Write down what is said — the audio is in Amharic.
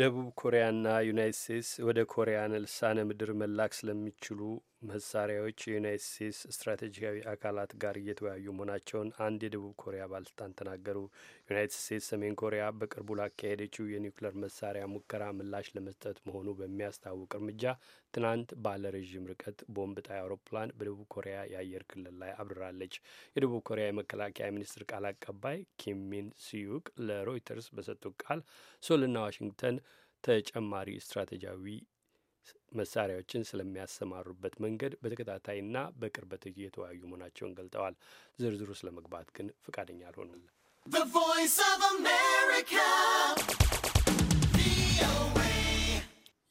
ደቡብ ኮሪያና ዩናይት ስቴትስ ወደ ኮሪያ ልሳነ ምድር መላክ ስለሚችሉ መሳሪያዎች የዩናይት ስቴትስ ስትራቴጂካዊ አካላት ጋር እየተወያዩ መሆናቸውን አንድ የደቡብ ኮሪያ ባለስልጣን ተናገሩ። ዩናይት ስቴትስ ሰሜን ኮሪያ በቅርቡ ላካሄደችው የኒውክሌር መሳሪያ ሙከራ ምላሽ ለመስጠት መሆኑ በሚያስታውቅ እርምጃ ትናንት ባለ ረዥም ርቀት ቦምብ ጣይ አውሮፕላን በደቡብ ኮሪያ የአየር ክልል ላይ አብርራለች። የደቡብ ኮሪያ የመከላከያ ሚኒስትር ቃል አቀባይ ኪም ሚን ሲዩቅ ለሮይተርስ በሰጡት ቃል ሶልና ዋሽንግተን ተጨማሪ ስትራቴጂያዊ መሳሪያዎችን ስለሚያሰማሩበት መንገድ በተከታታይና በቅርበት እየተወያዩ መሆናቸውን ገልጠዋል። ዝርዝሩ ስለመግባት ግን ፈቃደኛ አልሆኑም።